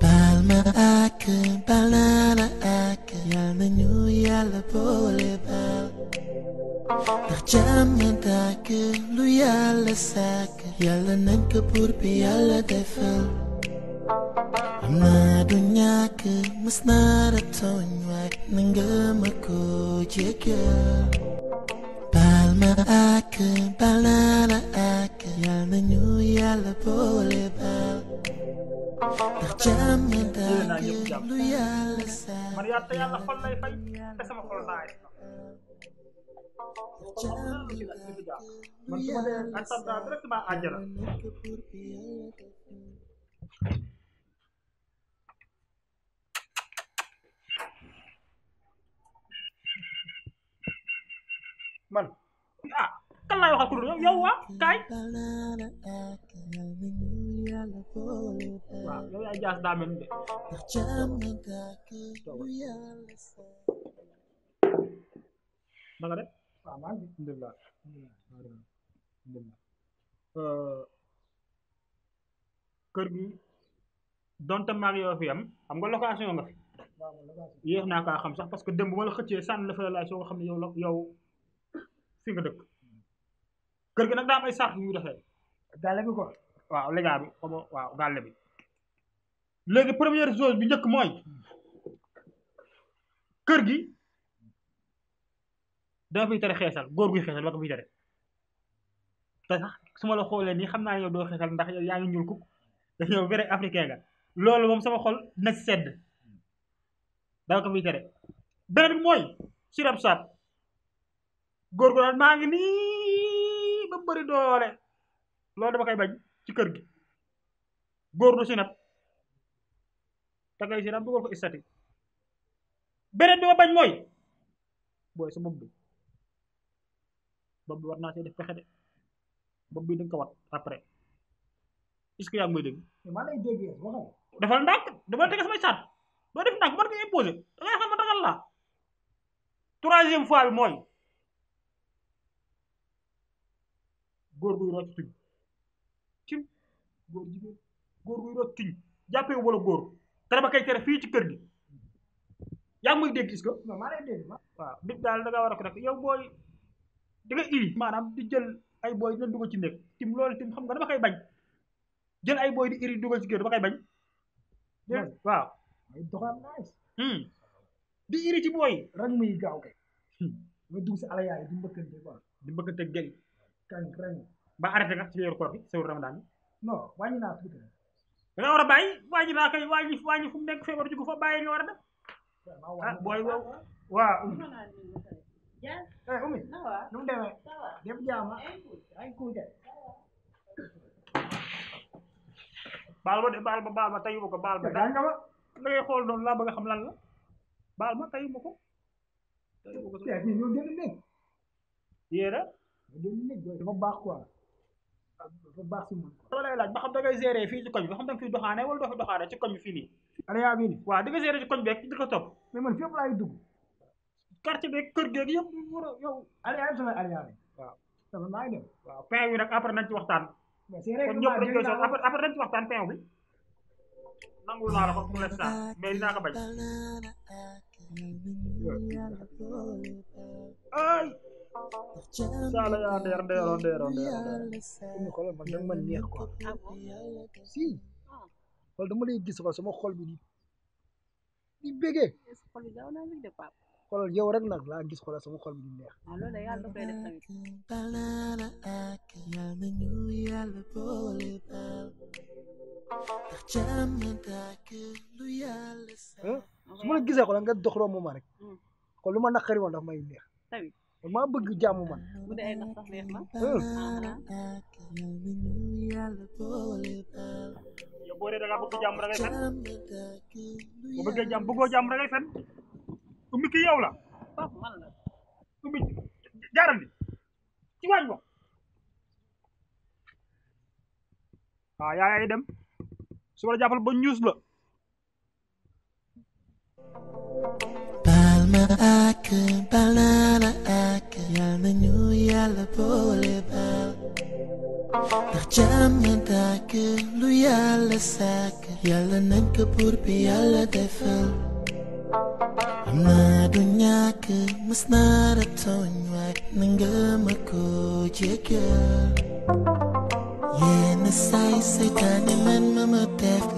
baal ma àkk baal naa la yal na ñu yàlla boole baal ndax jàmm na dàkk lu yàlla sàkk yàlla nañ ko buur bi yàlla defal am naa du ñàkk mës naa la tooñ waay na nga ma ko jéggal baal ma àkk baal naa la àkk yal na ñu yàlla boole Mariate alla folla e fai sama folla ಮಂತ್ಮದೆ ಅಂತಂದ್ರೆ ತುಂಬಾ ಆಜರ ಮನ್ ಕಲ್ಲ ಹಾಕೊಂಡು ಯವ್ವ ಕಾಯ್ yaay jaas daa mel ni ah, kër gi donte maa ngi fi am xam nga location nga fi. yéex kaa xam sax parce que dem bu ma la xëccee sànni la fa la soo xam ne yow fi nga dëkk kër gi nag daa am ay yu ñu defee. bi quoi waaw léegi bi waaw gàlle bi. léegi première chose bi njëkk mooy kër gi dafa fiy tere xeesal góor guy xeesal ba ko fiy tere te sax su ma la xoolee nii xam naa ne yow doo xeesal ndax yow yaa ngi ñuul kuk yow vrai africain nga loolu moom sama xol na sedd dafa ko fiy tere beneen bi mooy sirab saab góor gu daal maa ngi nii ba bëri doole loolu dama koy bañ ci kër gi góor du sinab dangay jiram bu ko istati benen bi ma bañ moy boy sa mom bi bopp bi war naa see def fexé de bopp bi dañ ko wat après est ce que yaa moy may dégg. maa lay déggé waxal. defal ndak dama tege sama chat doo def ndak man ko imposé da ngay xam ma dagal la troisième fois bi mooy góor guy rocc tuñ cim gor jigéen góor guy rocc tuñ jàppee wala gor dara ba koy tere fii ci kër gi yaa ngi muy dégg gis nga non maa lay dégg waaw nit daal da war a ko def yow booy di iri maanaam di jël ay booy dina dugg ci nekk tim loolu tim xam nga dama koy bañ ay booy di iri dugg ci kër dama koy waaw hmm. di iri ci booy rek muy gaaw kay nga hmm. dugg si ala yaay di mbëkkante quoi ba arrêté nga ci weeru koor bi sewul ramadan bi non wàññi naa tuuti da nga war a bàyyi waa ji daa koy waa ji nekk feebar jugu fa bàyyi nga war a def ah, eh, ma de baal baal ma tayu ma ko baal ma danga ma da xool doon laa bëgg a xam lan la baal ma tayu ma ko tayu ma dafa baax si moom. dama lay laaj ba xam da ngay gérer fii ci koñ bi ba xam da nga fiy doxaane wala doo fi doxaane ci koñ bi fii nii. area bii nii waaw da nga gérer ci koñ bi rek di ko topp. mais man fépp laay dugg. quartier beeg kër geeg a yow. yëpp samay area bi waaw. sama maa ngi dem. waaw bi nag après nañ waxtaan. mais bi. nangu naa la ko mu la saa mais dinaa ko bañ. ay. Saala yaa ndeer ndeeroo ndeeroo ndeeroo su ma xoolal man da ma neex quoi si wala dama lay gis quoi sama xol bi di di bégee xoolal yow rek nag laa gis xoolal sama xol bi di neex. su ma la gisee xoolal nga dox roo moom rek xool lu ma naqari woon daf may neex. dama bëgg jàmm man bu enak ay nax sax neex na yow boo dee Buku jam bëgg jàmm da ngay fen bu bëggee jàmm bëggoo jàmm juga. Palma, yal na ñu yàlla boole lu yàlla sàkk yàlla na ko buur bi yàlla defal am du ñàkk mës naa la tooñ waay na nga ma ko jéggal yenn saay saytaane man ma ma def